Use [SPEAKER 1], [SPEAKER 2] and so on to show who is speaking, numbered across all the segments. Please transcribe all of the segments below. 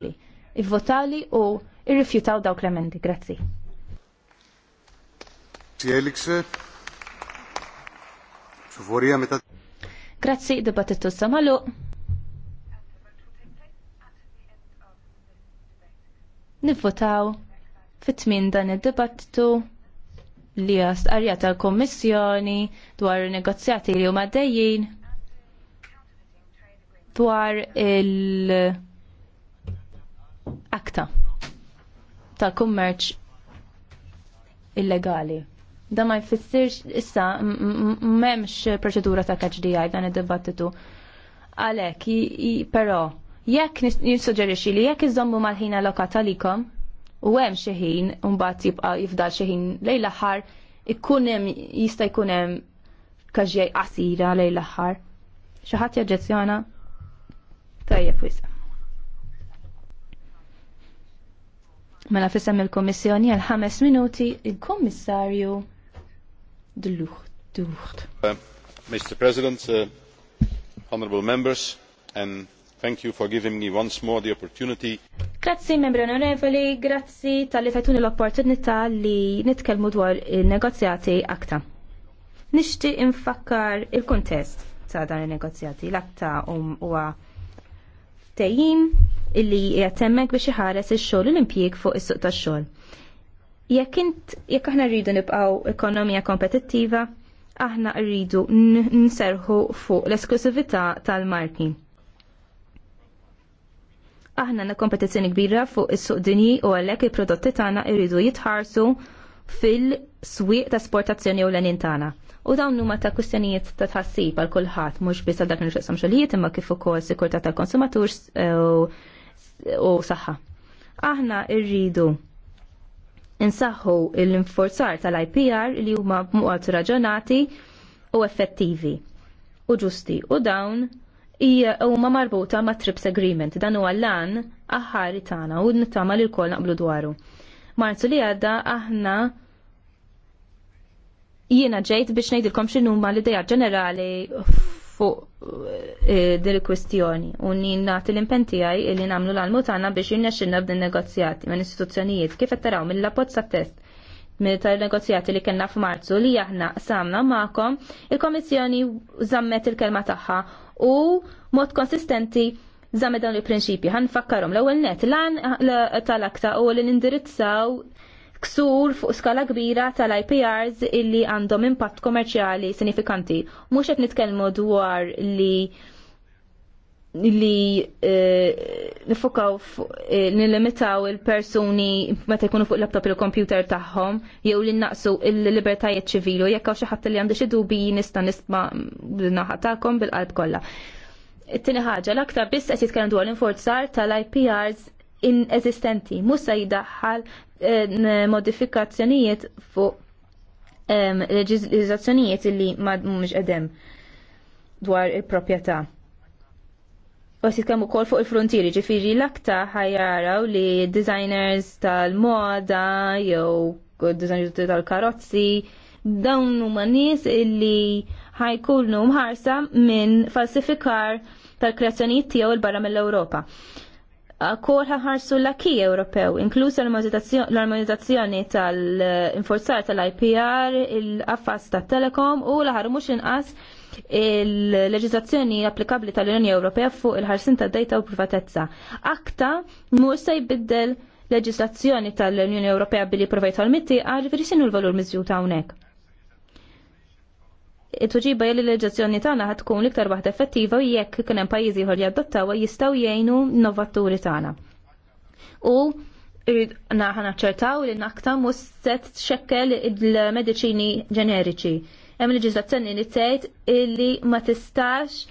[SPEAKER 1] li
[SPEAKER 2] ivvotali u irrifjutaw dawk l-emendi. Grazzi. Grazzi, dibattitu samalu. Nivvotaw fit-tmin dan id-dibattitu li għas arja tal-Kommissjoni dwar negozjati li huma dejjin dwar il- akta ta' kummerċ illegali. Da ma jfissirx issa m'hemmx proċedura ta' KHDI dan id-dibattitu. Għalek, però, jekk nissuġġerixxi li jekk iżommu mal-ħin lokat għalikom, u hemm xi ħin u mbagħad jibqa' jifdal xi ħin lejn l-aħħar ikun hemm jista' jkun hemm kaġġej qasira lejn l-aħħar. Xi ħadd jaġġezzjona? Tajjeb wisq. Mela fissem il-Komissjoni għal ħames minuti il komissarju Dluħt.
[SPEAKER 1] Uh, Mr. President, uh,
[SPEAKER 3] honorable members, and thank you for giving me once more the opportunity.
[SPEAKER 2] Grazzi membri onorevoli, grazzi tal-li l-opportunità li nitkelmu dwar il-negozjati akta. Nishti infakkar il-kontest ta' dan il-negozjati l-akta um għa tejjim illi jgħatemmek biex iħares il-xol l-impjeg fuq is-suq tax-xogħol. Jekk int jekk aħna rridu nibqgħu ekonomija kompetittiva, aħna rridu nserħu fuq l-esklusività tal-marki. Aħna għandna kompetizzjoni kbira fuq is-suq dinji u għalhekk il-prodotti tagħna rridu jitħarsu fil-swieq ta' sportazzjoni u l-għanin tagħna. U dawn huma ta' kwistjonijiet ta' tħassib għal kulħadd mhux biss għal dak nixqsam xogħlijiet imma kif ukoll sikurtà tal-konsumatur u saħħa. Aħna rridu insaħħu l-inforzar tal-IPR li huma b'muqgħod raġonati u effettivi u ġusti u dawn huma marbuta ma' trips agreement dan huwa lan aħħari tagħna u nittama li kol naqblu dwaru. Marzu li għadda aħna jiena ġejt biex ngħidilkom x'inhuma l-idea ġenerali fuq eh, dil kwestjoni u nagħti l-impenti għaj li nagħmlu l-almu biex jinnexxinna b'din negozjati minn istituzzjonijiet kif qed taraw mill-lapot sa' test minn tal-negozjati li kellna f'Marzu li aħna samna magħkom il-Komissjoni żammet il-kelma tagħha u mod konsistenti żammet dawn il-prinċipji. Ħanfakkarhom l-ewwel net lan tal-akta u li nindirizzaw ksur fuq skala kbira tal-IPRs illi għandhom impatt komerċjali sinifikanti. Mhux qed nitkellmu dwar li li eh, nifokaw eh, nilimitaw il-persuni meta jkunu fuq laptop il kompjuter tagħhom jew li naqsu il-libertajiet ċivili u jekk hawn xi ħadd li għandu xi dubi nista' nisma' naħatakom bil-qalb kollha. It-tieni ħaġa l-aktar biss qed jitkellem dwar l inforzar tal-IPRs inesistenti, mhux se jidaħħal Eh, modifikazzjonijiet fuq leġizlazzjonijiet illi ma mhumiex qedem dwar il-proprjetà. U kemm ukoll kol fuq il-frontieri, ġifiri l-akta ħajjaraw li designers tal-moda, jew designers tal-karozzi, dawn huma nies illi ħajkunu mħarsa minn falsifikar tal-kreazzjonijiet tiegħu il-barra mill-Ewropa kol ħarsu l-akki Ewropew, inkluż l-armonizzazzjoni tal-inforzar tal-IPR, il-affas ta' telekom u l mux inqas il-leġizazzjoni applikabli tal-Unjoni Ewropea fuq il-ħarsin tad-dejta u privatezza. Akta mux se jbiddel leġislazzjoni tal-Unjoni Ewropea billi provajt għal-mitti għal xinu l-valur miżjut unek it-tuġiba li l-leġazzjoni tagħna ħad tkun iktar waħda effettiva u jekk kien hemm pajjiżi ieħor jaddottawha jistgħu jgħinu novatturi tagħna. U naħna ċertaw li nakta mhux se txekkel il-mediċini ġeneriċi. Hemm leġiżlazzjoni li tgħid illi ma tistax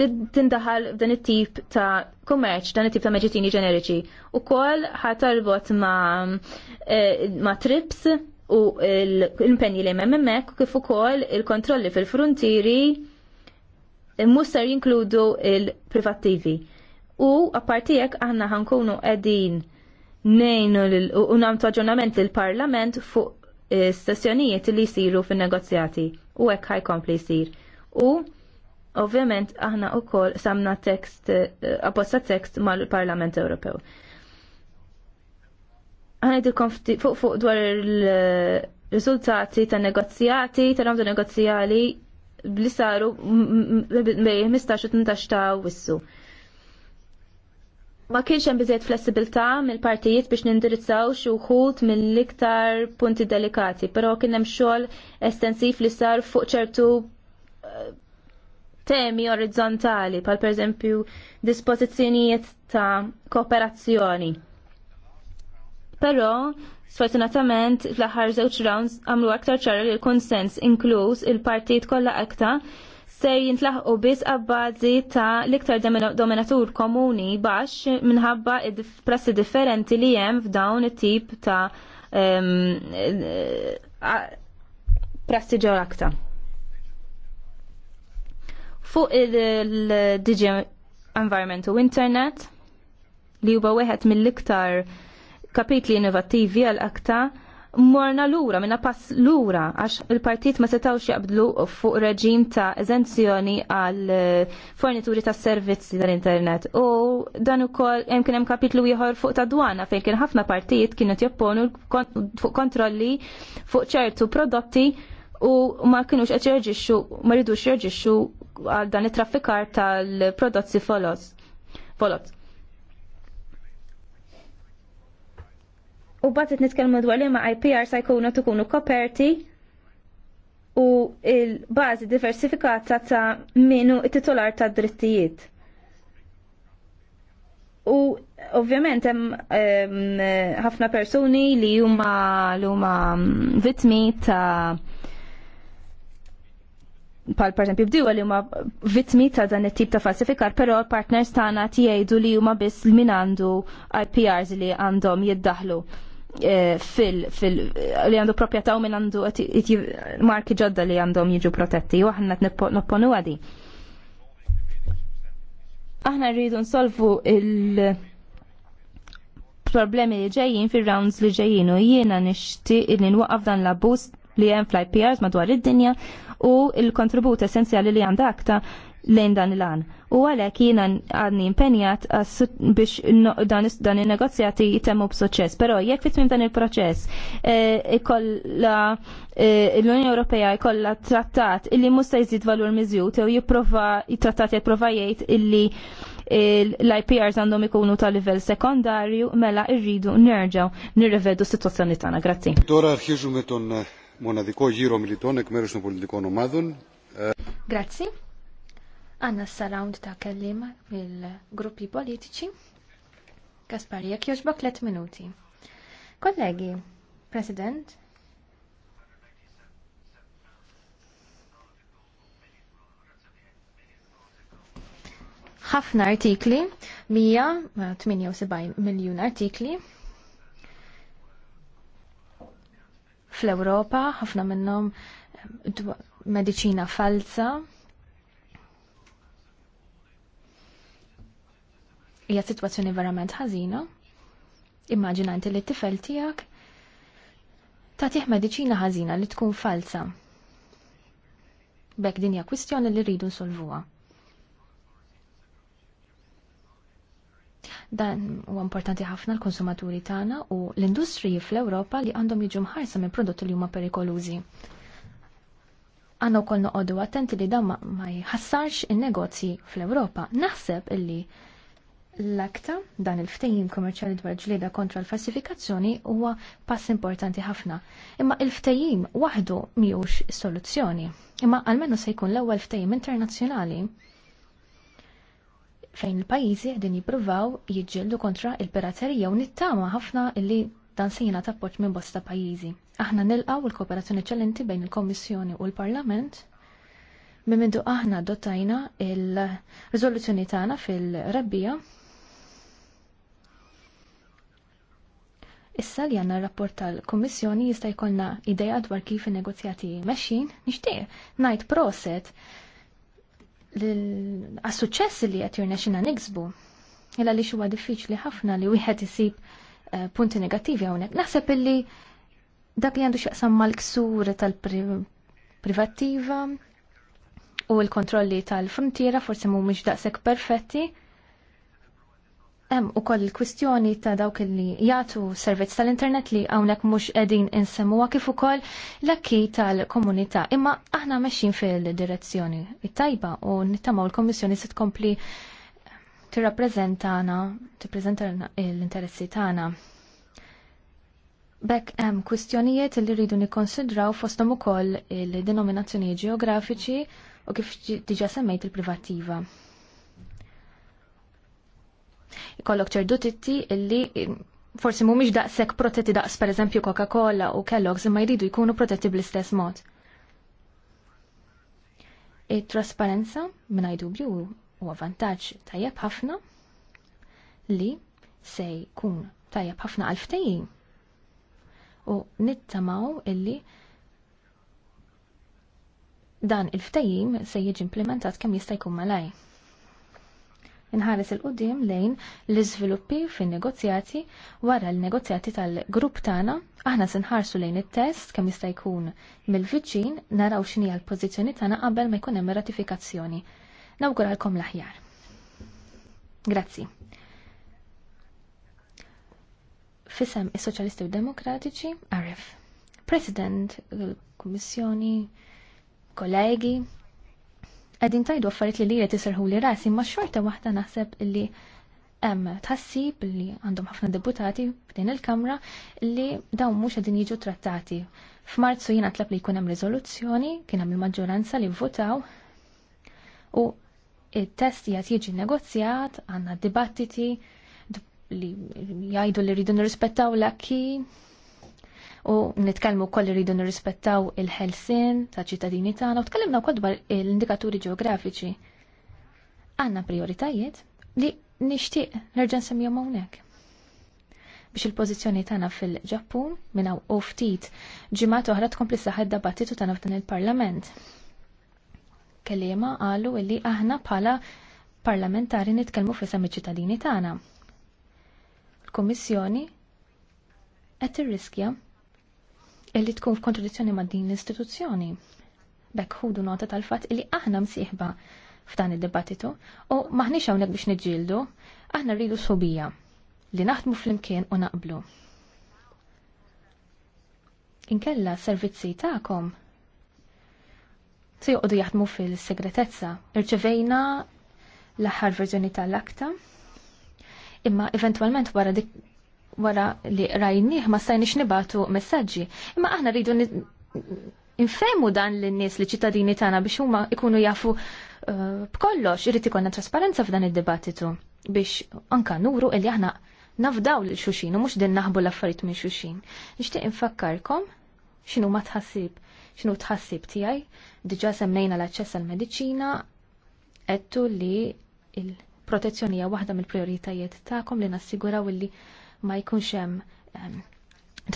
[SPEAKER 2] tindaħal f'dan it-tip ta' kummerċ, dan it-tip ta' meġitini ġeneriċi. U kol ħatarbot eh, ma' trips u l-impenji li hemm hemmhekk kif ukoll il-kontrolli fil-frontieri muster jinkludu il-privattivi. U apparti jekk aħna ħankunu qegħdin nejnu u unam aġġornament il-Parlament fuq eh, sessjonijiet li jisiru fin negozjati u hekk ħajkompli jsir. U ovvjament aħna wkoll samna tekst, eh, apposta tekst mal-Parlament Ewropew ħanidilkom fuq fuq dwar il-riżultati ta' negozjati, ta' ramdu negozjali li saru bej 15-18 ta' wissu. Ma kienx hemm biżejjed flessibilità mill-partijiet biex nindirizzaw xi wħud mill-iktar punti delikati, però kien hemm xogħol estensiv li sar fuq ċertu eh, temi orizzontali, pal pereżempju dispożizzjonijiet ta' kooperazzjoni. Però sfortunatament fl-aħħar żewġ rounds għamlu aktar ċara li l-konsens inkluż il-partit kollha akta se jintlaħqu biss għabbażi ta' l-iktar dominatur komuni baxx minħabba prassi differenti li hemm f'dawn it-tip ta' prassi ġew akta. Fuq il-Digi Environment u Internet li huwa wieħed mill-iktar kapitli innovattivi għal akta morna lura, minna pass lura, għax il-partit ma setawx jaqbdlu fuq reġim ta' eżenzjoni għal eh, fornituri ta' servizzi tal-internet. U dan ukoll hemm kien hemm kapitlu ieħor fuq ta' dwana fejn kien ħafna partijiet kienu t-japponu fuq kontrolli fuq ċertu prodotti u ma kienux qed jerġixxu ma rridux jerġixxu għal dan it-traffikar tal-prodotti folos. folos. u it nitkellmu dwar li ma IPR sa jkunu tkunu koperti u il-bażi diversifikata ta' minu titolar ta' drittijiet. U ovvjament hemm ħafna persuni li huma li huma vitmi ta' pal per esempio bdiwa li huma vitmi ta' dan it-tip ta' falsifikar, però l-partners tagħna jgħidu li huma biss min għandu IPRs li għandhom jiddaħlu. Eh, fil, fil, li għandu propieta u minn għandu marki ġodda li għandhom jiġu protetti u għahna t-nopponu għadi. Aħna rridu nsolvu il- problemi li ġejjin fil-rounds li ġejjin u jiena nixtieq li nwaqaf dan l-abbuż li hemm fl-IPRs madwar id-dinja u il-kontribut essenzjali li għandha aktar lejn dan il-għan. U għalek jina għadni impenjat biex dan il-negozjati jitemmu b'suċess. Pero jekk fitmim dan il-proċess eh, ikolla eh, l-Unjoni Ewropea ikolla trattat illi musta jżid valur miżjut jew jipprova trattat jiprofa jgħid illi eh, l-IPRs għandhom ikunu ta' livell sekondarju mela irridu nerġaw nirrevedu s-situazzjoni tagħna. Grazzi.
[SPEAKER 1] Dora arħiġu meton monadiko ġiro militon ekmerux politikon omadun.
[SPEAKER 2] Grazzi.
[SPEAKER 3] Għanna s-sarawnd ta' kellim mill-gruppi politiċi. Kaspar, jek joġbok let minuti. Kollegi, President, ħafna artikli, 178 miljun artikli, fl-Europa, ħafna minnom medicina falsa, hija sitwazzjoni verament ħażina. Immaġinanti li t-tifel tiegħek tagħtih mediċina ħażina li tkun falsa. Bek din hija kwistjoni li rridu nsolvuha. Dan huwa importanti ħafna l-konsumaturi tagħna u l-industriji fl-Ewropa li għandhom jiġu mħarsa minn prodotti li huma perikolużi. u wkoll noqogħdu attenti li dan ma jħassarx in-negozji fl-Ewropa. Naħseb illi L-akta dan il-ftehim kommerċjali dwar ġlieda kontra l-falsifikazzjoni huwa pass importanti ħafna. Imma il-ftehim waħdu miħux soluzzjoni. Imma għalmenu se jkun l-ewwel ftehim internazzjonali fejn il-pajjiżi qegħdin jippruvaw jiġġieldu kontra il-piraterija u nittama ħafna illi dan se jingħata appoġġ minn bosta pajjiżi. Aħna nilqgħu l-kooperazzjoni eċċellenti bejn il-Kommissjoni u l-Parlament Mimindu aħna dotajna il-rizoluzzjoni tagħna fil-rebbija Issa li għanna rapport tal kummissjoni jista' jkollna ideja dwar kif in-negozjati mexxin, nixtieq ngħid proset għas-suċċess li qed jirnexina niksbu. Illa li huwa diffiċli ħafna li wieħed isib eh, punti negattivi hawnhekk. Naħseb illi dak li għandu x'jaqsam mal-ksur tal-privattiva u l-kontrolli tal-frontiera forsi mhumiex daqshekk perfetti Hemm ukoll il-kwistjoni ta' dawk li jagħtu servizz tal-internet li hawnhekk mhux qegħdin insemmuha kif ukoll l-akki tal-komunità. Imma aħna meċin fil-direzzjoni tajba u nittamaw sit kommissjoni se tkompli t tippreżentana l-interessi tagħna. Bek hemm kwistjonijiet li rridu nikkonsidraw fosthom ukoll il-denominazzjonijiet ġeografiċi u kif diġà semmejt il-privattiva. Ikollok ċerdu titti illi forsi mhumiex daqshekk protetti daqs pereżempju Coca-Cola u Kellogg's imma jridu jkunu protetti bl-istess mod. It-trasparenza mingħajr dubju huwa vantaġġ tajjeb ħafna li se jkun tajjeb ħafna għal ftehim. U nittamaw illi dan il-ftehim se jiġi implementat kemm jista' jkun malaj inħares il-qudiem lejn l-iżviluppi fin-negozjati wara l-negozjati tal-grupp tagħna, aħna se nħarsu lejn it-test kemm jista' jkun mill-viċin naraw x'inhi l-pożizzjoni tagħna qabel ma jkun hemm ratifikazzjoni. Nawguralkom l-aħjar. Grazzi. Fisem is-Soċjalisti u Demokratiċi, Arif. President, il-Kummissjoni, kollegi, Qegħdin tajdu affarijiet li lijiet iserħu li rasi, ma xorta waħda naħseb li hemm tħassib li għandhom ħafna deputati f'din il-Kamra li dawn mhux qegħdin jiġu trattati. F'Marzu jiena tlab li jkun hemm riżoluzzjoni, kien hemm il-maġġoranza li votaw u it-test jgħat jiġi negozjat, għandna dibattiti li jgħidu li rridu nirrispettaw l-akki u nitkellmu wkoll rridu nirrispettaw il-ħelsien ta' ċittadini tagħna u tkellimna wkoll dwar l-indikaturi ġeografiċi. Għandna prioritajiet li nixtieq nerġa' nsemmihom hawnhekk biex il-pożizzjoni tagħna fil-Ġappun minn hawn u ftit ġimgħat oħra tkompli saħħet dibattitu tagħna f'dan il-Parlament. Kelliema qalu li aħna bħala parlamentari nitkellmu f'isem iċ-ċittadini tagħna. Il-Kummissjoni qed tirriskja Illi tkun f'kontradizzjoni ma' din l-istituzzjoni. Bekk ħudu nota tal-fatt li aħna msieħba f'dan id-dibattitu u maħniex hawnhekk biex niġġieldu, aħna rridu sobija li naħdmu flimkien u naqblu. Inkella servizzi tagħkom se joqogħdu jaħdmu fil-segretezza. Irċevejna l-aħħar verżjoni tal-akta imma eventwalment wara dik wara li rajnieh ma stajniex nibatu messaġġi. Imma aħna rridu infemu dan l-nies li ċittadini tagħna biex huma ikunu jafu uh, b'kollox irid ikollna trasparenza f'dan id-dibattitu biex anka nuru li aħna nafdaw lil xuxin u mhux din naħbu l-affarijiet minn xuxin. Nixtieq infakkarkom x'inhu ma tħassib, x'inhu tħassib tiegħi, diġà semmejna l-aċċess għall-mediċina, qedtu li il-protezzjoni hija waħda mill-prijoritajiet tagħkom li nassiguraw li ma jkunx hemm ehm,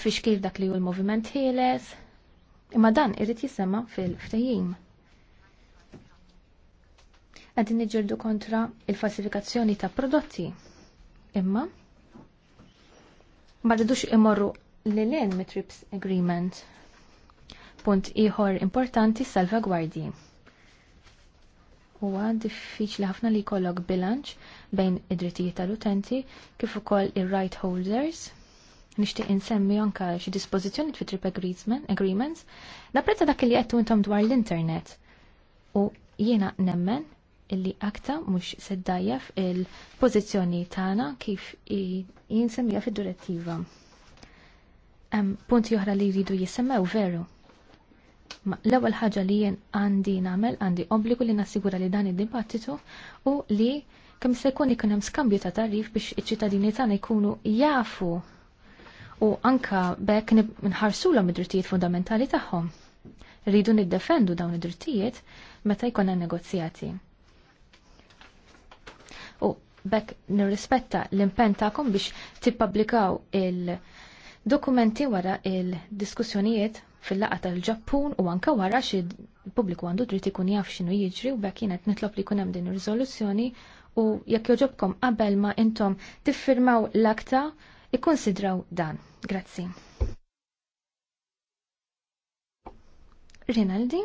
[SPEAKER 3] tfixkil dak li hu l-moviment ħieles. Imma dan irid jisema fil-ftehim. Qegħdin niġġieldu kontra il-falsifikazzjoni ta' prodotti. Imma ma rridux imorru lil hinn mit-Trips Agreement. Punt ieħor importanti salvagwardji huwa diffiċli ħafna li jkollok bilanċ bejn id-drittijiet tal-utenti kif ukoll ir-right holders. Nixtieq insemmi anke xi dispożizzjoni fit trip agreements napprezza dak li qed intom dwar l-internet. U jiena nemmen illi aktar mhux se ddajjef il-pożizzjoni tagħna kif jinsemmiha fid-direttiva. Punti oħra li jridu jisemmew veru L-ewwel ħaġa li jien għandi nagħmel għandi obbligu li nassigura li dan id-dibattitu u li kemm se jkun ikun hemm skambju ta' tarif biex iċ-ċittadini tagħna jkunu jafu u anka bekk nħarsulhom id-drittijiet fundamentali tagħhom. Rridu niddefendu dawn id-drittijiet meta jkollna negozjati. U bekk nirrispetta l-impenn tagħkom biex tippubblikaw il-dokumenti wara il-diskussjonijiet fil-laqa tal-Ġappun u anka wara xi pubbliku għandu dritt ikun jaf x'inhu jiġri u bekk kienet nitlob li jkun hemm din ir-riżoluzzjoni u jekk joġobkom qabel ma intom tiffirmaw l-akta ikkunsidraw dan. Grazzi. Rinaldi,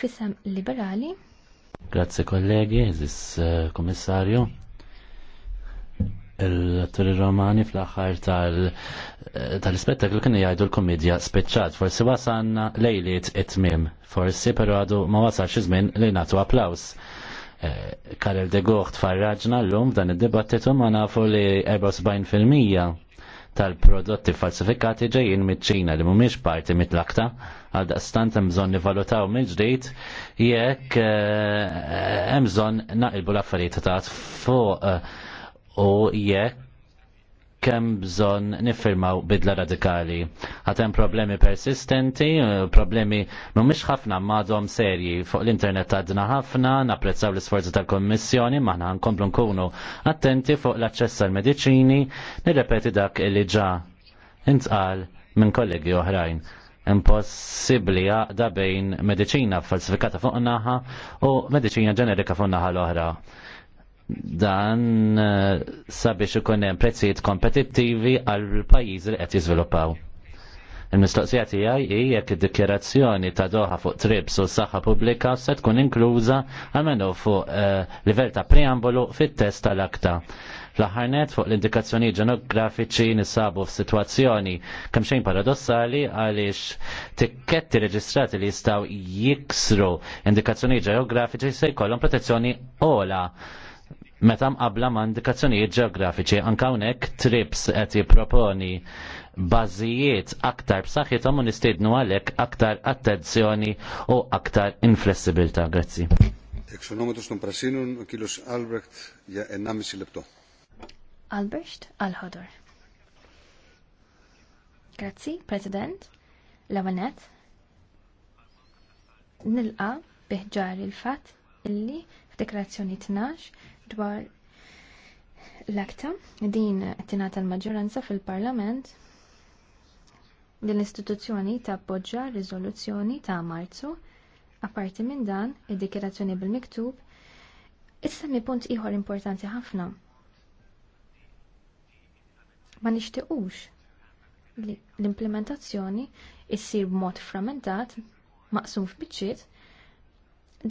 [SPEAKER 3] fisem liberali.
[SPEAKER 1] Grazzi kollegi, eżis eh, komissarju il-atturi romani fl-axar tal eh, spettakl kien jgħidu l-komedja speċċat. Forsi wasanna lejliet it-tmim, forsi pero għadu ma wasalx iż-żmien li natu applaus. Eh, Karel de Gocht farraġna l-lum dan id-dibattitu ma nafu li 74% tal-prodotti falsifikati ġejjin miċ-ċina li mhumiex parti mit-lakta, għal daqstant hemm bżonn nivalutaw mill-ġdid jekk eh, hemm bżonn naqilbu l-affarijiet ta' fuq u jekk kemm bżonn niffirmaw bidla radikali. Għatem problemi persistenti, eh, problemi mhumiex ħafna madhom serji fuq l-internet għadna ħafna, napprezzaw l-isforzi tal-Kommissjoni, maħna nkomplu nkunu attenti fuq l-aċċess għal mediċini nirrepeti dak li ġa intqal minn kollegi oħrajn impossibbli għaqda bejn medicina falsifikata fuq naħa u mediċina ġenerika fuq naħa l-oħra dan eh, sabiex ikun hemm prezzijiet kompetittivi għal pajjiżi li qed jiżviluppaw. Il-mistoqsija tiegħi hi jekk id-dikjerazzjoni ta' doħa fuq trips u saħħa pubblika se tkun inkluża għamelu fuq eh, livell ta' preambolu fit-test tal-akta. l net fuq l-indikazzjoni ġenografiċi nisabu f'sitwazzjoni kemm xejn paradossali għaliex tikketti reġistrati li jistgħu jiksru indikazzjoni ġeografiċi se jkollhom protezzjoni ola meta mqabla ma' indikazzjonijiet ġeografiċi anka hawnhekk trips qed jipproponi bażijiet aktar b'saħħithom u nistiednu għalhekk aktar attenzjoni u aktar inflessibilità. Grazzi. Εξονόματος των Πρασίνων, ο
[SPEAKER 3] Albrecht al Grazzi, President. L-għanet. Nilqa biħġar il-fat illi f'deklarazzjoni 12 dwar l-akta din tingħata l-maġġoranza fil-Parlament din l-istituzzjoni ta' r-riżoluzzjoni ta' Marzu apparti minn dan id-dikjerazzjoni bil-miktub issa mi punt ieħor importanti ħafna ma nixtiequx li l-implementazzjoni issir b'mod frammentat maqsum f'biċċiet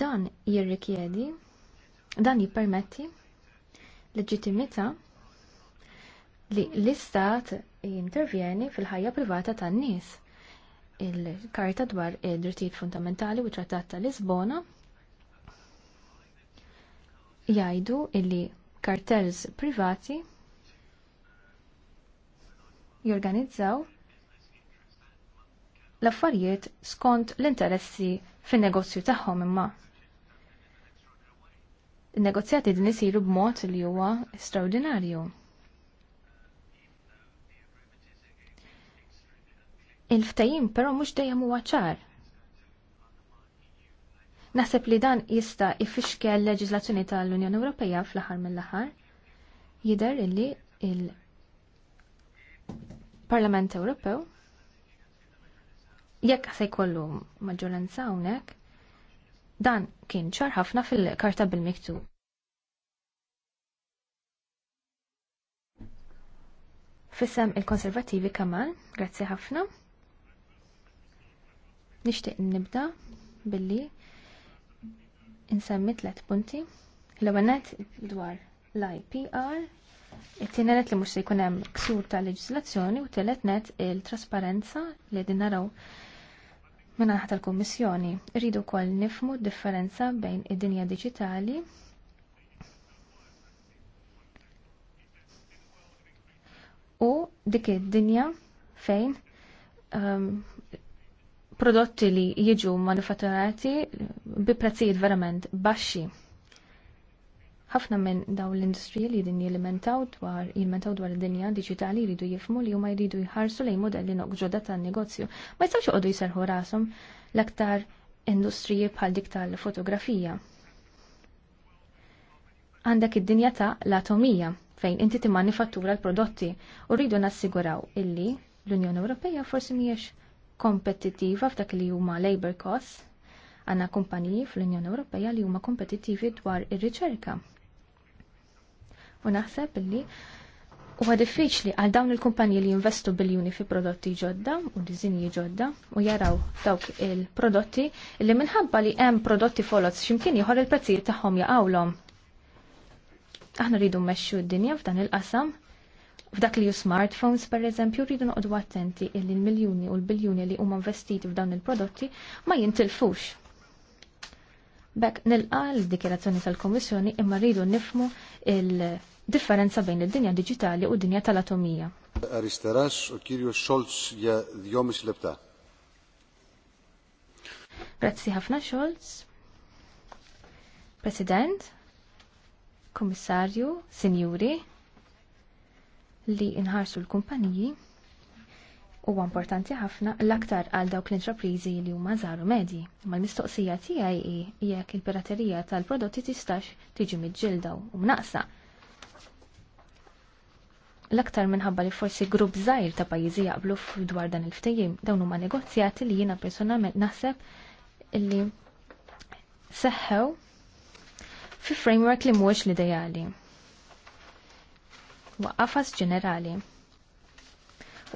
[SPEAKER 3] dan jirrikjedi Dan jippermetti leġittimità li l-istat jintervjeni fil-ħajja privata tan-nies. Il-Karta dwar id-Drittijiet Fundamentali u Trattat ta' Lisbona jgħidu illi kartels privati jorganizzaw l-affarijiet skont l-interessi fin negozju tagħhom imma il-negozjati din isiru b'mod li huwa straordinarju. Il-ftajim però mhux dejjem huwa ċar. Naħseb li dan jista' ifixkel leġiżlazzjoni tal-Unjoni Ewropea fl-aħħar mill-aħħar. Jidher illi il-Parlament Ewropew jekk se jkollu maġġoranza hawnhekk Dan kien ċar ħafna fil-karta bil-miktub. Fissem il-konservativi kamal, grazzi ħafna. Nishtiq nibda billi insemmi tlet punti. L-għanet dwar l-IPR, it-tinanet li mux se jkun hemm ksur tal-leġislazzjoni u telet net il-trasparenza li din naraw Minna tal l-Kommissjoni, rridu kol nifmu differenza bejn id-dinja digitali u dik id-dinja fejn um, prodotti li jiġu manufatturati bi prezzijiet verament baxxi ħafna minn dawn l-industrija li din jilmentaw dwar jilmentaw dwar id-dinja diġitali jridu jifmu li huma jridu jħarsu lejn modelli noqġoda tan-negozju. Ma jistgħux joqogħdu jserħu rashom l-aktar industriji bħal dik tal-fotografija. Għandek id-dinja ta' l-atomija fejn inti timmanifattura l-prodotti u rridu nassiguraw illi l-Unjoni Ewropea forsi mhijiex kompetittiva f'dak li huma labor costs għanna kumpaniji fl-Unjoni Ewropea li huma kompetittivi dwar ir-riċerka. U naħseb li huwa diffiċli għal dawn il-kumpanji li jinvestu biljuni fi prodotti ġodda u dizinji ġodda u jaraw dawk il-prodotti li minħabba li hemm prodotti folots x'imkien ieħor il-prezzijiet tagħhom jaqawlom. Aħna rridu mmexxu d-dinja f'dan il-qasam F'dak li ju smartphones, per eżempju, rridu noqdu attenti il l-miljuni u l-biljuni li huma investiti f'dawn il-prodotti ma jintilfux. Bek nil l-dikjerazzjoni tal komissjoni imma rridu nifmu il- differenza bejn id-dinja digitali u d-dinja tal-atomija.
[SPEAKER 1] Aristaras u Kirjo Scholz ja djomis lebta.
[SPEAKER 3] Grazzi ħafna Scholz. President, Komissarju, Sinjuri, li inħarsu l-kumpaniji huwa importanti ħafna l-aktar għal dawk l-intraprizi li huma żaru medji. Ma l-mistoqsija tiegħi hi jekk il-piraterija tal-prodotti tistax tiġi miġġildaw u mnaqsa. Um L-aktar minħabba li forsi grupp żgħir ta' pajjiżi jaqblu f'dwar dan il-ftehim dawn huma negozjati li jiena personalment naħseb li seħħew fi framework li mhuwiex l-ideali. Waqqafas ġenerali.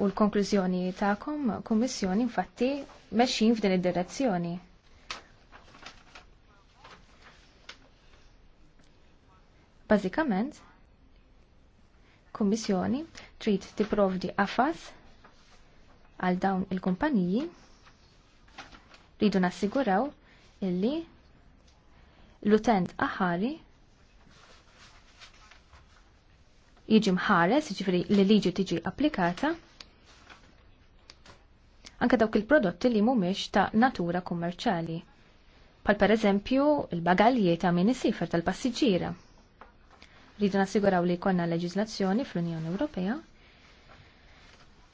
[SPEAKER 3] U l-konklużjoni ta'kom kummissjoni infatti mexxin f'din id-direzzjoni. Bażikament, Kummissjoni trid tipprovdi qafas għal dawn il-kumpaniji rridu nassiguraw illi l-utent aħari jiġi mħares, ġifri li liġi tiġi applikata anke dawk il-prodotti li mhumiex ta' natura kummerċali. Pal pereżempju il-bagalji ta' minisifer tal-passiġġiera. Rridu nassiguraw li jkollna leġiżlazzjoni fl-Unjoni Ewropea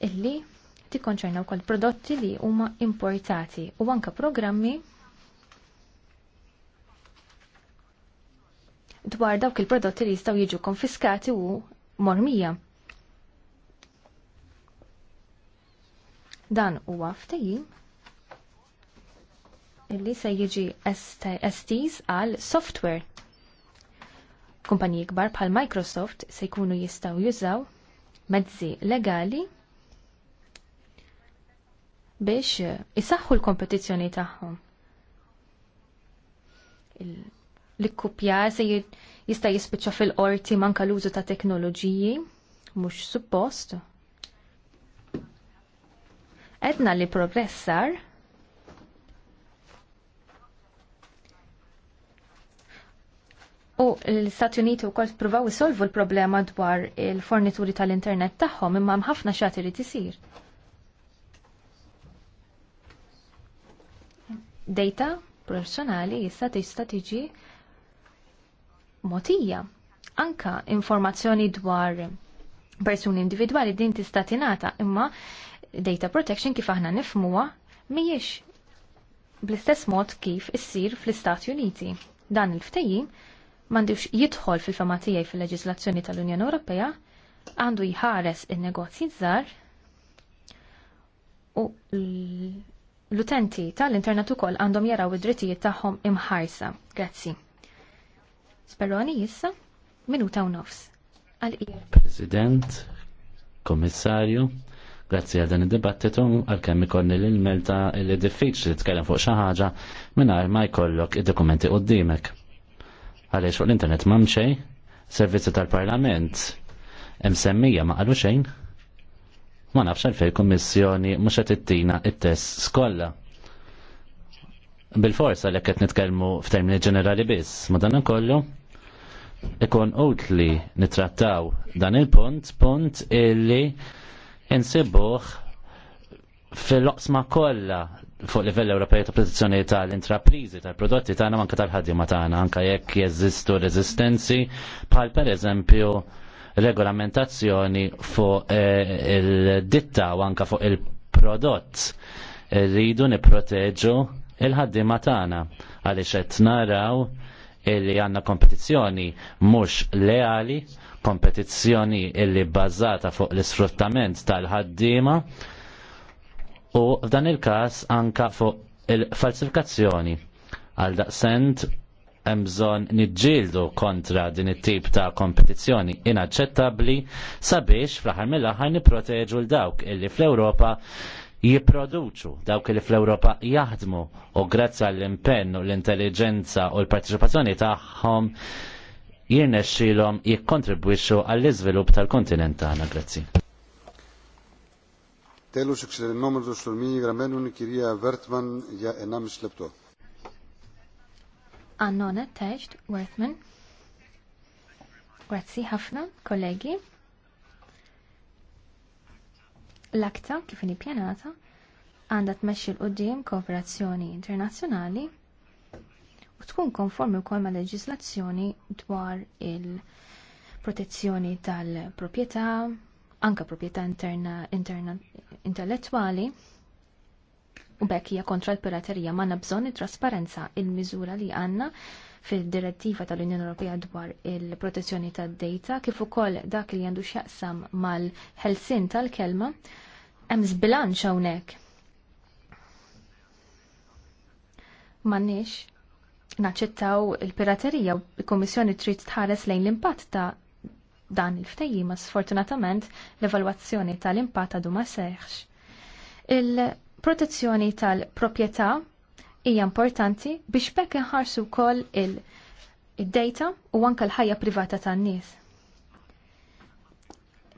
[SPEAKER 3] illi tikkonċerna wkoll prodotti li huma importati u anke programmi dwar dawk il-prodotti li jistgħu jiġu konfiskati u mormija. Dan huwa ftehim illi se jiġi estiż għal software kumpaniji kbar bħal Microsoft se jkunu jistaw jużaw mezzi legali biex isaħħu l-kompetizzjoni tagħhom. l kupja se jista' jispiċċa fil-qorti manka l-użu ta' teknoloġiji mhux suppost. Edna li progressar. U l-Stati Uniti wkoll provaw isolvu l-problema dwar il-fornituri tal-internet tagħhom imma mħafna ħafna xagħti li tisir. Data professionali jista' tista' tiġi motija. Anka informazzjoni dwar persuni individwali din tista' tingħata imma data protection kif aħna nifmuwa mhijiex bl-istess mod kif issir fl-Istati Uniti. Dan il-ftejjim m'għandux jidħol fil-fema tiegħi fil leġislazzjoni tal-Unjoni Ewropea, għandu jħares in-negozji żgħar u l-utenti tal-internet ukoll għandhom jaraw id-drittijiet tagħhom imħarsa. Grazzi. Speroni issa minuta u nofs.
[SPEAKER 1] President, Komissarju, grazzi għal dan id-dibattitu għal kemm ikolli l-ilmel li diffiċli tkellem fuq xi ħaġa mingħajr ma jkollok id-dokumenti qudiemek għaliex fuq l-internet m'hemm servizzi tal-Parlament msemmija ma qalu xejn. Ma nafx għalfejn il-Kummissjoni mhux qed it-test skolla. Bil-forsa li qed nitkellmu f'termini ġenerali biss, ikon ikun utli nitrattaw dan il-punt, punt illi insibbuh fil-loqsma kollha fuq livell Ewropej ta' pozizjoni tal-intraprizi, tal-prodotti tagħna anke tal-ħaddiema tagħna anke jekk jeżistu reżistenzi bħal pereżempju regolamentazzjoni fuq eh, il-ditta u anke fuq il-prodott rridu nipproteġu il-ħaddiema tagħna għaliex qed naraw illi għanna kompetizzjoni mhux leali, kompetizzjoni illi bbażata fuq l-isfruttament tal-ħaddiema u f'dan il-każ anka fuq il-falsifikazzjoni. Għal daqsent hemm bżonn niġġieldu kontra din it-tip ta' kompetizzjoni inaċċettabbli sabiex fl-aħħar mill-aħħar nipproteġu l dawk illi fl-Ewropa jipproduċu dawk li fl-Ewropa jaħdmu u grazzi għall-impenn u l-intelligenza u l-partiċipazzjoni tagħhom jirnexxilhom jikkontribwixxu għall-iżvilupp tal-kontinent tagħna. Grazzi. Τέλος, εξερενόμενος των μη γραμμένων, η κυρία Βέρτμαν για 1,5 λεπτό.
[SPEAKER 3] Ανώνα, τέστ, Βέρτμαν. Grazzi ħafna, kollegi. L-akta kif pjanata għandha tmexxi l qudiem kooperazzjoni internazzjonali u tkun konformi wkoll ma' leġislazzjoni dwar il-protezzjoni tal-proprjetà, anka proprjetà interna, interna intellettwali u bekk hija kontra l-piraterija ma bżonn it-trasparenza il-miżura li għandna fil-direttiva tal-Unjoni Ewropea dwar il-protezzjoni tad-data kif ukoll dak li għandu x'jaqsam mal-ħelsin tal-kelma hemm żbilanċ hawnhekk. M'għandniex naċċettaw il-piraterija u l-Kummissjoni trid tħares lejn l-impatt ta' dan il-ftejjim, sfortunatament l-evalwazzjoni tal-impatt għadu ma seħx. Il-protezzjoni tal-propieta hija importanti biex bekk inħarsu wkoll il-data u anke l-ħajja privata tan-nies.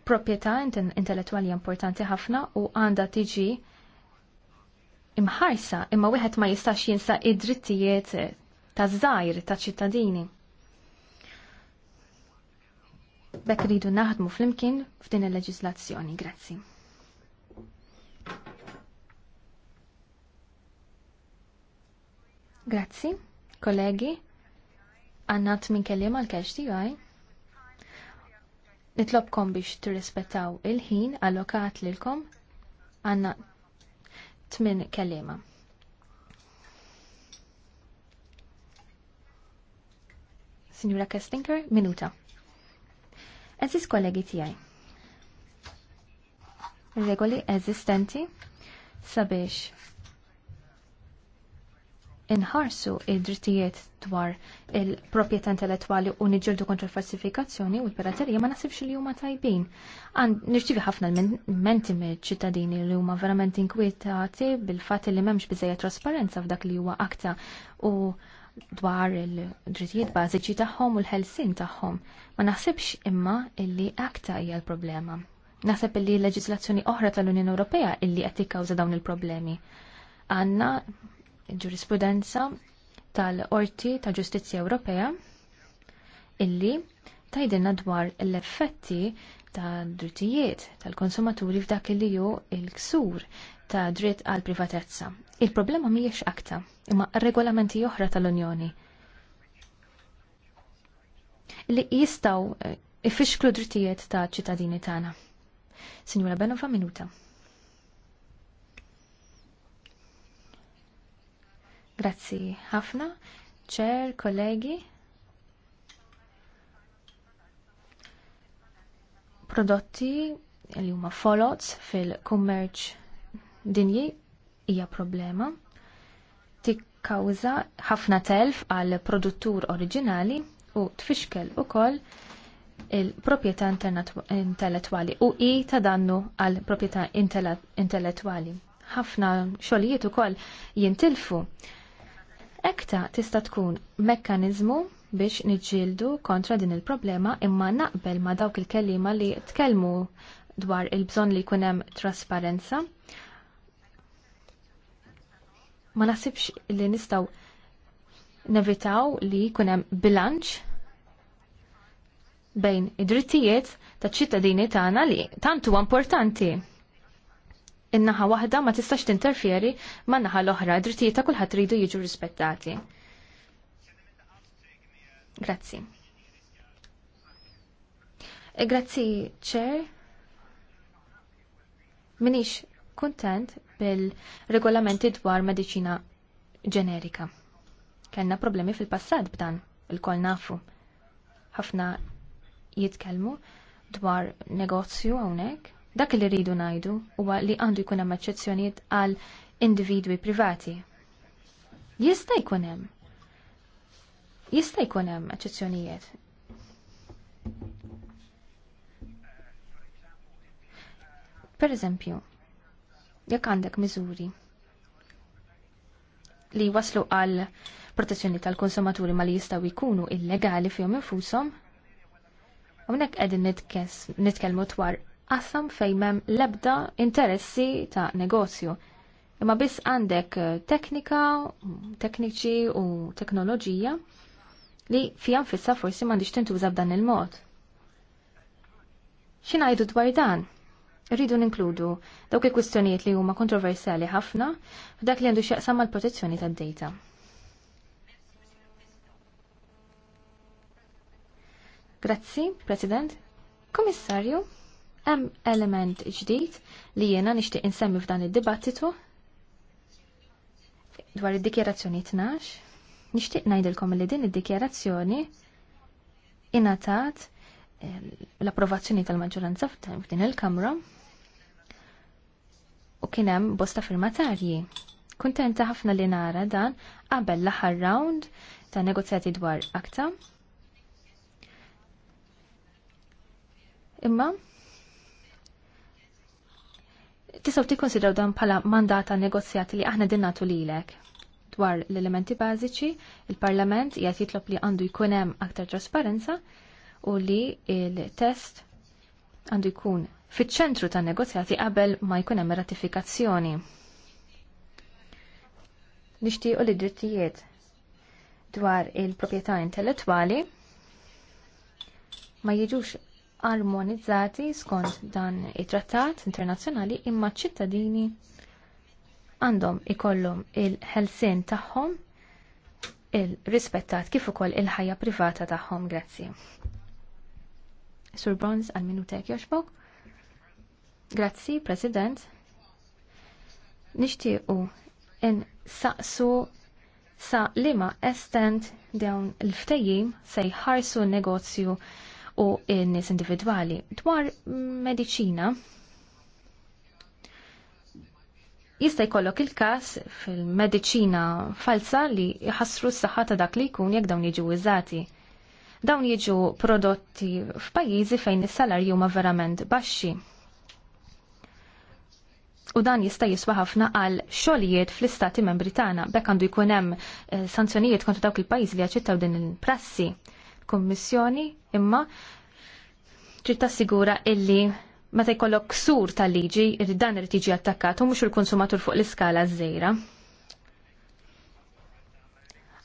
[SPEAKER 3] Propieta intellettwali importanti ħafna u għandha tiġi imħarsa imma wieħed ma jistax jinsa id-drittijiet ta' żgħir ta' ċittadini. Bekk rridu naħdmu flimkien f'din il-leġislazzjoni. Grazzi. Grazzi, kollegi. Għannat minn kellim għal-kaċ għaj? Nitlobkom biex tirrispettaw il-ħin allokat lilkom għanna t-min kelliema. Signora Kestinker, minuta. Eżis kollegi tijaj. Regoli eżistenti sabiex inħarsu id-drittijiet dwar il-propieta intellettuali u nġildu kontra falsifikazzjoni u l-piraterija ma nasibx li huma tajbin. Nirċivi ħafna l-menti ċittadini li huma verament inkwitati bil fat li m'hemmx biżejja trasparenza f'dak li huwa akta u dwar il-drittijiet bażiċi tagħhom u l-ħelsin tagħhom. Ma naħsibx imma illi akta hija l-problema. Naħseb illi l-leġislazzjoni oħra tal-Unjoni Ewropea illi qed tikkawża dawn il-problemi. Għandna ġurisprudenza tal-Qorti ta' Ġustizzja Ewropea illi tajdilna dwar l-effetti ta' drittijiet tal-konsumaturi f'dak li ju il-ksur ta' dritt għal privatezza. Il-problema mhijiex akta, imma regolamenti oħra tal-Unjoni li jistaw eh, ifixklu drittijiet ta' ċittadini tagħna. Sinjura Benova minuta. Grazzi ħafna, ċer, kollegi. Prodotti li huma folots fil-kummerċ dinji hija problema tikkawża ħafna telf għal produttur oriġinali u tfixkel ukoll il-proprjetà intellettwali u i ta' dannu għal proprjetà intellettwali. Ħafna xogħlijiet ukoll jintilfu. Ekta tista' tkun mekkaniżmu biex niġġieldu kontra din il-problema imma naqbel ma' dawk il kelliema li tkellmu dwar il-bżonn li jkun hemm trasparenza ma nasibx li nistaw nevitaw li kunem bilanċ bejn id-drittijiet ta' ċittadini tagħna li tant huwa importanti. In-naħa waħda ma tistax tinterferi ma' naħa l-oħra, drittijiet ta' kulħadd ridu jiġu rispettati. Grazzi. E, grazzi, ċer. Minix kontent bil-regolamenti dwar medicina ġenerika. Kenna problemi fil-passat b'dan, il-kol nafu. ħafna jitkellmu dwar negozju hawnhekk, dak li rridu ngħidu huwa li għandu jkun hemm eċċezzjonijiet għal individwi privati. Jista' jkun hemm. Jista' jkun hemm eċċezzjonijiet. Per eżempju, jekk għandek miżuri li waslu għal protezzjoni tal-konsumaturi ma li jistaw jkunu illegali fjom infusom, għonek għedin nitkelmu dwar qasam fejmem lebda interessi ta' negozju. Imma biss għandek eh, teknika, tekniċi u teknoloġija li fija fissa forsi mandiċ tintuża b'dan il-mod. Xinajdu dwar dan? Rridu ninkludu dawk il-kwistjonijiet li huma kontroversjali ħafna f'dak li għandu x'jaqsam mal-protezzjoni tad-data. Grazzi, President. Komissarju, hemm element ġdid li jiena nixtieq insemmi f'dan id-dibattitu dwar id-dikjerazzjoni 12. Nixtieq ngħidilkom li din id-dikjerazzjoni ingħatat eh, l-approvazzjoni tal-maġġoranza f'din il-Kamra u kien hemm bosta firmatarji. Kuntenta ħafna li nara dan qabel l-aħħar round ta' negozjati dwar akta. Imma tisaw tikkonsidraw dan bħala mandata negozjati li aħna dinnatu lilek dwar l-elementi bażiċi, il-Parlament jgħid jitlob li għandu jkun hemm aktar trasparenza u li il-test għandu jkun fiċ-ċentru tan negozjati qabel ma jkun hemm ratifikazzjoni. Nixtiequ li drittijiet dwar il-proprjetà intellettwali ma jiġux armonizzati skont dan it-trattat internazzjonali imma ċ ċittadini għandhom ikollhom il-ħelsien tagħhom il-rispettat kif ukoll il-ħajja privata tagħhom. Grazzi. Sur Bonds għal minutek joxbok. Grazzi, President. u in saqsu sa lima estent dawn l-ftejjim se jħarsu negozju u n-nis individwali. Dwar medicina, jista' jkollok il-każ fil-mediċina falsa li jħassru s-saħħa ta' dak li jkun jekk dawn jiġu iżati. Dawn jiġu prodotti f'pajjiżi fejn is-salarji huma verament baxxi. U dan jista' jiswa ħafna għal xogħlijiet fl-istati membri tagħna bekk għandu jkun hemm eh, sanzjonijiet kontra dawk il-pajjiżi li jaċċettaw din il-prassi. Kummissjoni imma trid tassigura illi meta jkollok ksur tal-liġi, dan irid jiġi attakkat u mhux il-konsumatur fuq l-iskala żgħira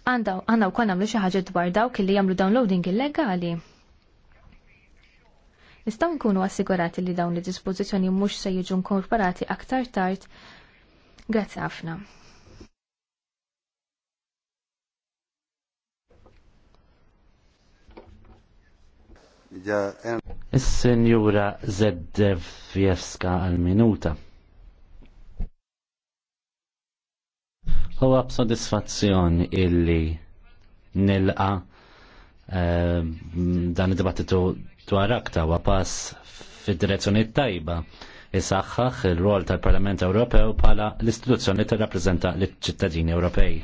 [SPEAKER 3] għanna u konna għamlu xaħġa dwar dawk li jamlu downloading illegali. Nistaw nkunu assigurati li dawn li dispozizjoni mux se jiġu inkorporati aktar tard. Grazzi ħafna.
[SPEAKER 1] Is-senjura Zeddevjevska għal-minuta. Huwa b'sodisfazzjon illi nilqa eh, dan id-dibattitu dwar aktar wa pass fid-direzzjoni tajba isaħħaħ il-rol tal-Parlament Ewropew bħala l-istituzzjoni tal-rappreżenta l-ċittadini Ewropej.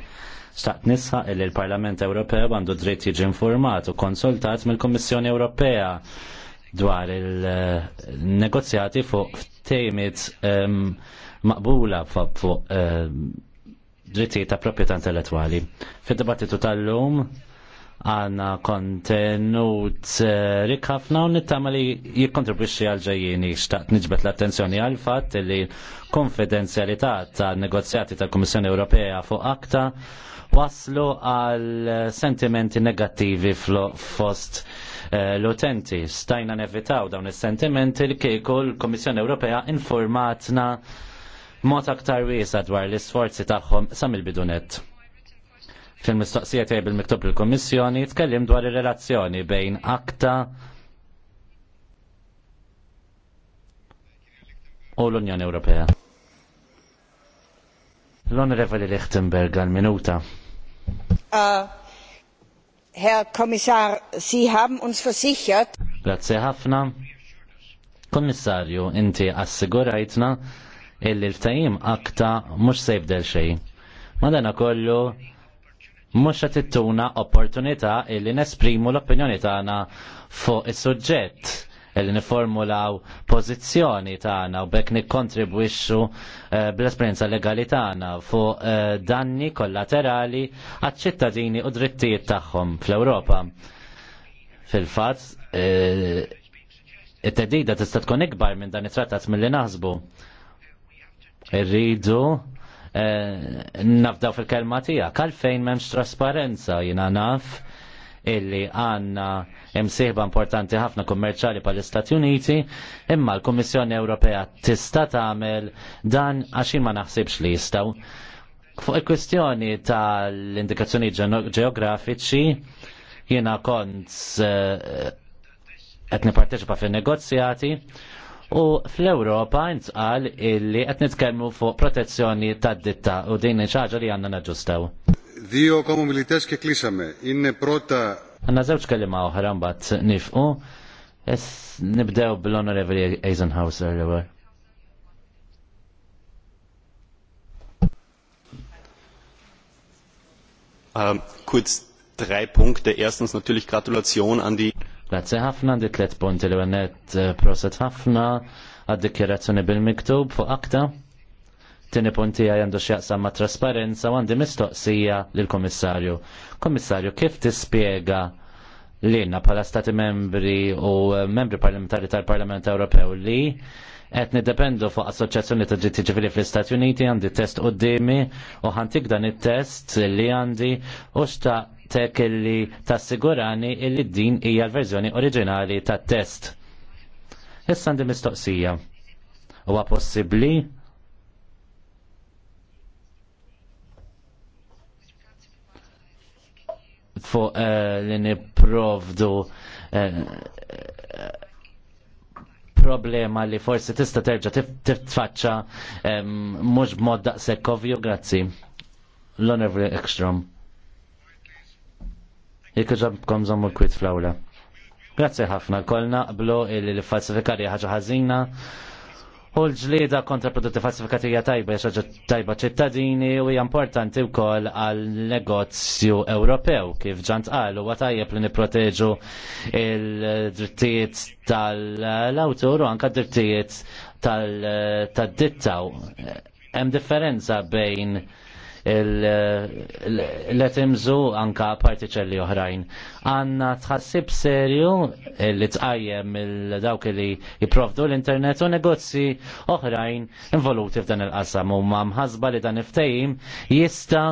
[SPEAKER 1] Staqt nisħa il il-Parlament Ewropew għandu dritt jiġi informat u konsultat mill-Kommissjoni Ewropea dwar il-negozjati fuq temiet ehm, maqbula fuq ehm, drittijiet ta' proprjetà intellettwali. Fid-dibattitu tal-lum għanna kontenut eh, rik ħafna u nittama li jikontribwixxi għal ġejjieni xtaqt nġbet l-attenzjoni għal fatt li konfidenzjalità ta' negozjati ta' Kummissjoni Ewropea fuq akta waslu għal sentimenti negattivi fost eh, l-utenti. Stajna nevitaw dawn is-sentimenti li kieku l komissjoni Ewropea informatna mod aktar wiesa dwar l-isforzi tagħhom sa mill-bidunet. Fil-mistoqsija tiegħi bil-miktub il kummissjoni tkellim dwar ir-relazzjoni bejn akta u l-Unjoni Ewropea. L-Onorevoli Lichtenberg għal-minuta.
[SPEAKER 2] Uh, Herr Kommissar, Sie haben uns versichert.
[SPEAKER 1] Grazie ħafna. Kommissarju, inti assigurajtna il-irtajim akta mux sejbdel xejn. Madana kollu mux għatittuna opportunita opportunità illi nesprimu l-opinjoni tagħna fuq is-suġġett illi niformulaw pozizjoni tagħna u bekk nikkontribwixxu eh, bl-esperjenza legali tagħna fuq eh, danni kollaterali għat ċittadini u drittijiet tagħhom fl-Ewropa. Fil-fatt, eh, it-tedida tista' tkun ikbar minn dan it-trattat milli naħsbu. Irridu eh, nafdaw fil-kelma tiegħek għalfejn m'hemmx trasparenza jiena naf illi għanna imsieħba importanti ħafna kummerċali pal istati Uniti, imma l-Kommissjoni Ewropea tista' tagħmel dan għax ma naħsibx li jistgħu. Fuq il-kwestjoni tal-indikazzjoni ġeografiċi, jiena kont eh, qed nipparteċipa fin-negozjati, U fl europa nsqal illi qed nitkellmu fuq protezzjoni tad-ditta u din xi ħaġa li għandna naġġustaw. Dio komunitas ke klisame, inne prota. Anna żewġ kelima oħra mbagħad nifqu. Es Nibdew bil-Onorevoli Eisenhower l-ewwel. Ähm, kurz drei Punkte.
[SPEAKER 2] Erstens natürlich
[SPEAKER 1] Gratulation an die. Grazzi ħafna dik tliet punti li għannet eh, proset ħafna għad dikjerazzjoni bil-miktub fuq akta. Tini punti għandu xjaqsam ma' trasparenza u għandi mistoqsija l-komissarju. Komissarju, kif tispiega li għanna pala stati membri u eh, membri parlamentari tal-Parlament Ewropew li qed niddependu fuq assoċjazzjoni ta' ġitti ġifiri fl-Istati Uniti għandi test qoddimi u ħantik dan it-test li għandi u xta tek illi tassigurani illi din hija l-verżjoni oriġinali tat-test. Issa għandi mistoqsija. Huwa possibbli fuq eh, li niprovdu eh, problema li forsi tista terġa titfaċċa ehm, mhux b'mod daqshekk ovvju, grazzi. L-Honorable Ekstrom. Jekk ġabkom żommu kwit fl-awla. Grazzi ħafna, kol naqblu il falsifikari ħaġa ħażina. U l-ġlieda kontra prodotti falsifikatija tajba jaxħaġa tajba ċittadini u hija importanti wkoll għal negozju Ewropew kif ġant qal huwa tajjeb li nipproteġu il-drittijiet tal-awtur u anka drittijiet tal-dittaw. Hemm differenza bejn l-etimżu anka partiċelli oħrajn. Għanna tħassib serju eh, li tqajjem il-dawk li jiprofdu l-internet u negozji oħrajn involuti f'dan il-qasam u mħazba li dan iftejim jista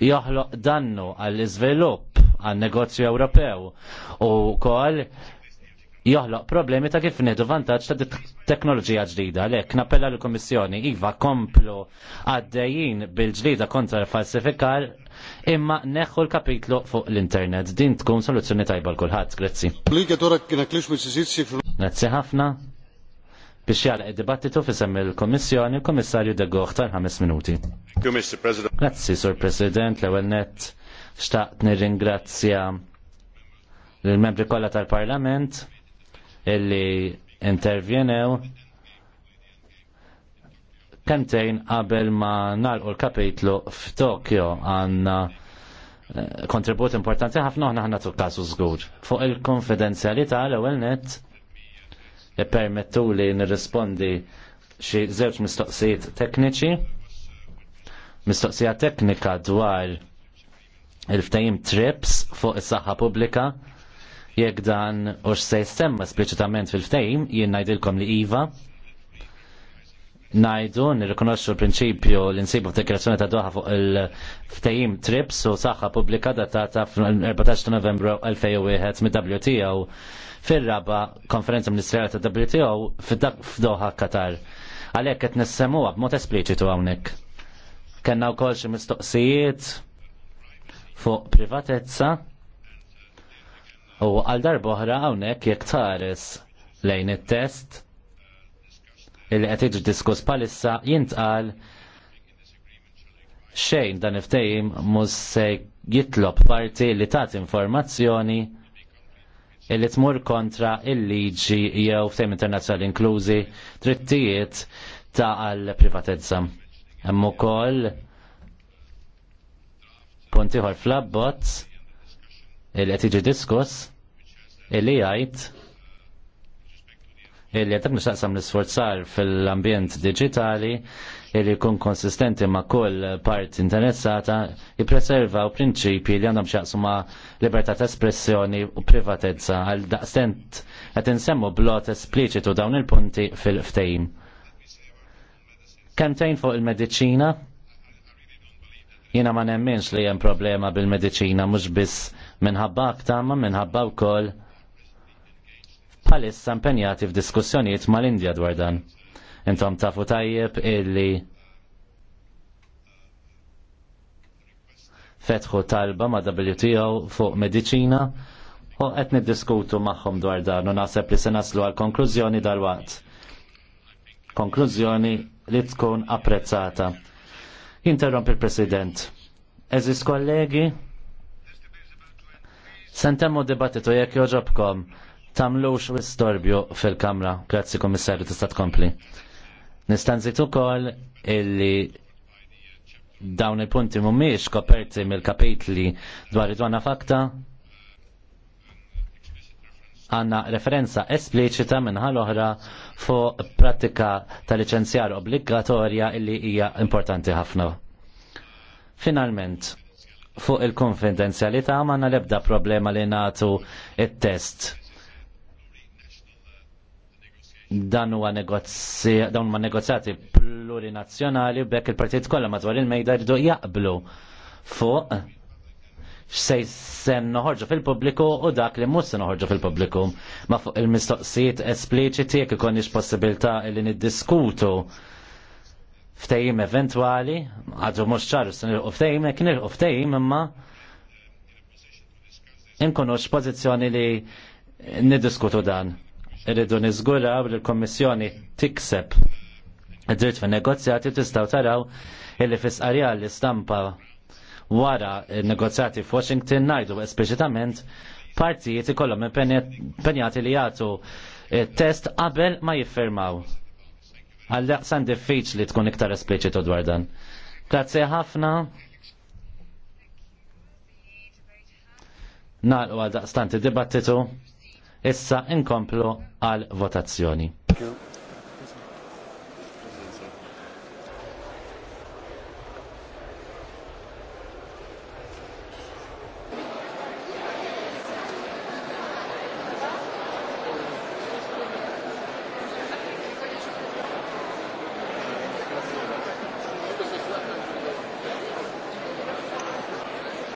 [SPEAKER 1] joħloq dannu għall-izvilupp għal negozju Ewropew u kol joħloq problemi ta' kif nedu vantaġġ ta' teknoloġija ġdida. Lek, nappella l-Komissjoni, Iva, komplu għaddejjin bil-ġdida kontra l-falsifikar imma neħħu l-kapitlu fuq l-internet. Din tkun soluzzjoni tajba l-kulħadd, grazzi. Grazzi ħafna. Biex jgħalq id-dibattitu fisem il-Komissjoni, il-Komissarju de tal 5 minuti. Grazzi, Sur President, l-ewel net, xtaqt nirringrazzja l-membri kollha tal-Parlament illi intervjenew kemtejn qabel ma nalqu l-kapitlu f'Tokyo għanna eh, kontribut importanti ħafna ħna ħna tukkasu żgur. Fuq il-konfidenzjalità l-ewwel net permettu li nirrispondi xi żewġ mistoqsijiet tekniċi. Mistoqsija teknika dwar il-ftajim trips fuq is-saħħa pubblika jekk dan u se jistemma spliċitament fil-ftejm, jien najdilkom li Iva, najdu nirrikonoxxu l-prinċipju li nsibu f'deklarazzjoni ta' doħa fuq il-ftehim trips u saħħa pubblika datata fl-14 Novembru 2001 mid WTO fir-raba konferenza ministeriali ta' WTO f'Doha Qatar. Għalhekk qed nissemuha b'mod espliċitu hawnhekk. Kenna wkoll xi mistoqsijiet fuq privatezza U għal darboħra hawnhekk jekk tares lejn it-test illi qed jiġi diskuss bħalissa jintqal xejn dan iftejim mhux se jitlob parti li tat informazzjoni illi tmur kontra il-liġi jew ftehim internazzjonali inklużi drittijiet ta' għal privatezza. Hemm ukoll puntiħor fl-abbozz il qed jiġi diskuss illi jgħid illi qed nixtaqsam l-isforzar fil-ambjent diġitali li jkun konsistenti ma' kull parti interessata jippreserva u prinċipji li għandhom xaqsu ma' libertà ta' espressjoni u privatezza għal daqstent qed insemmu blot espliċitu dawn il-punti fil-ftejm. Kemtejn fuq il-medicina? Jiena ma nemminx li hemm problema bil-medicina mhux biss minħabba aktama minħabba wkoll bħalissa impenjati f'diskussjonijiet mal-Indja dwar dan. Intom tafu tajjeb illi fetħu talba ma' WTO fuq medicina u qed niddiskutu magħhom dwar dan u naħseb li se naslu għal konklużjoni dal-waqt. Konklużjoni li tkun apprezzata. Interromp il-President. Eżis kollegi, Sentemmu dibattitu jekk joġobkom tamlux u istorbju fil-kamra. Grazzi komissarju tista' tkompli. Nistanzit ukoll illi dawn il-punti mhumiex koperti mill-kapitli dwar id-dwana fakta għanna referenza espliċita minnħal oħra fuq pratika ta' licenzjar obbligatorja illi hija importanti ħafna. Finalment, fuq il-konfidenzjalità ma l-ebda problema li natu il-test dan huwa negozzi dawn ma negozjati plurinazzjonali bekk il-partit kollha madwar il-mejda jridu jaqblu fuq xsej sen noħorġu fil-pubbliku u dak li mhux se noħorġu fil-pubbliku. Ma fuq il-mistoqsijiet espliċiti jekk ikonniex possibilità li niddiskutu ftejim eventwali, għadżu mux ċarru s u ftejim, ek u ftejim imma inkunux pozizjoni li nidiskutu dan. Irridu nizgura li l komissjoni tikseb id-dritt fin negozjati tistaw taraw illi fisqarja l-istampa wara negozjati f'Washington najdu espliċitament partijiet ikollhom impenjati li jagħtu eh, test qabel ma jiffermaw Għal-daqsan diffiċ li tkun iktar espliċitu dwar dan. Grazie ħafna. u għal-daqstanti dibattitu. Issa inkomplu għal-votazzjoni.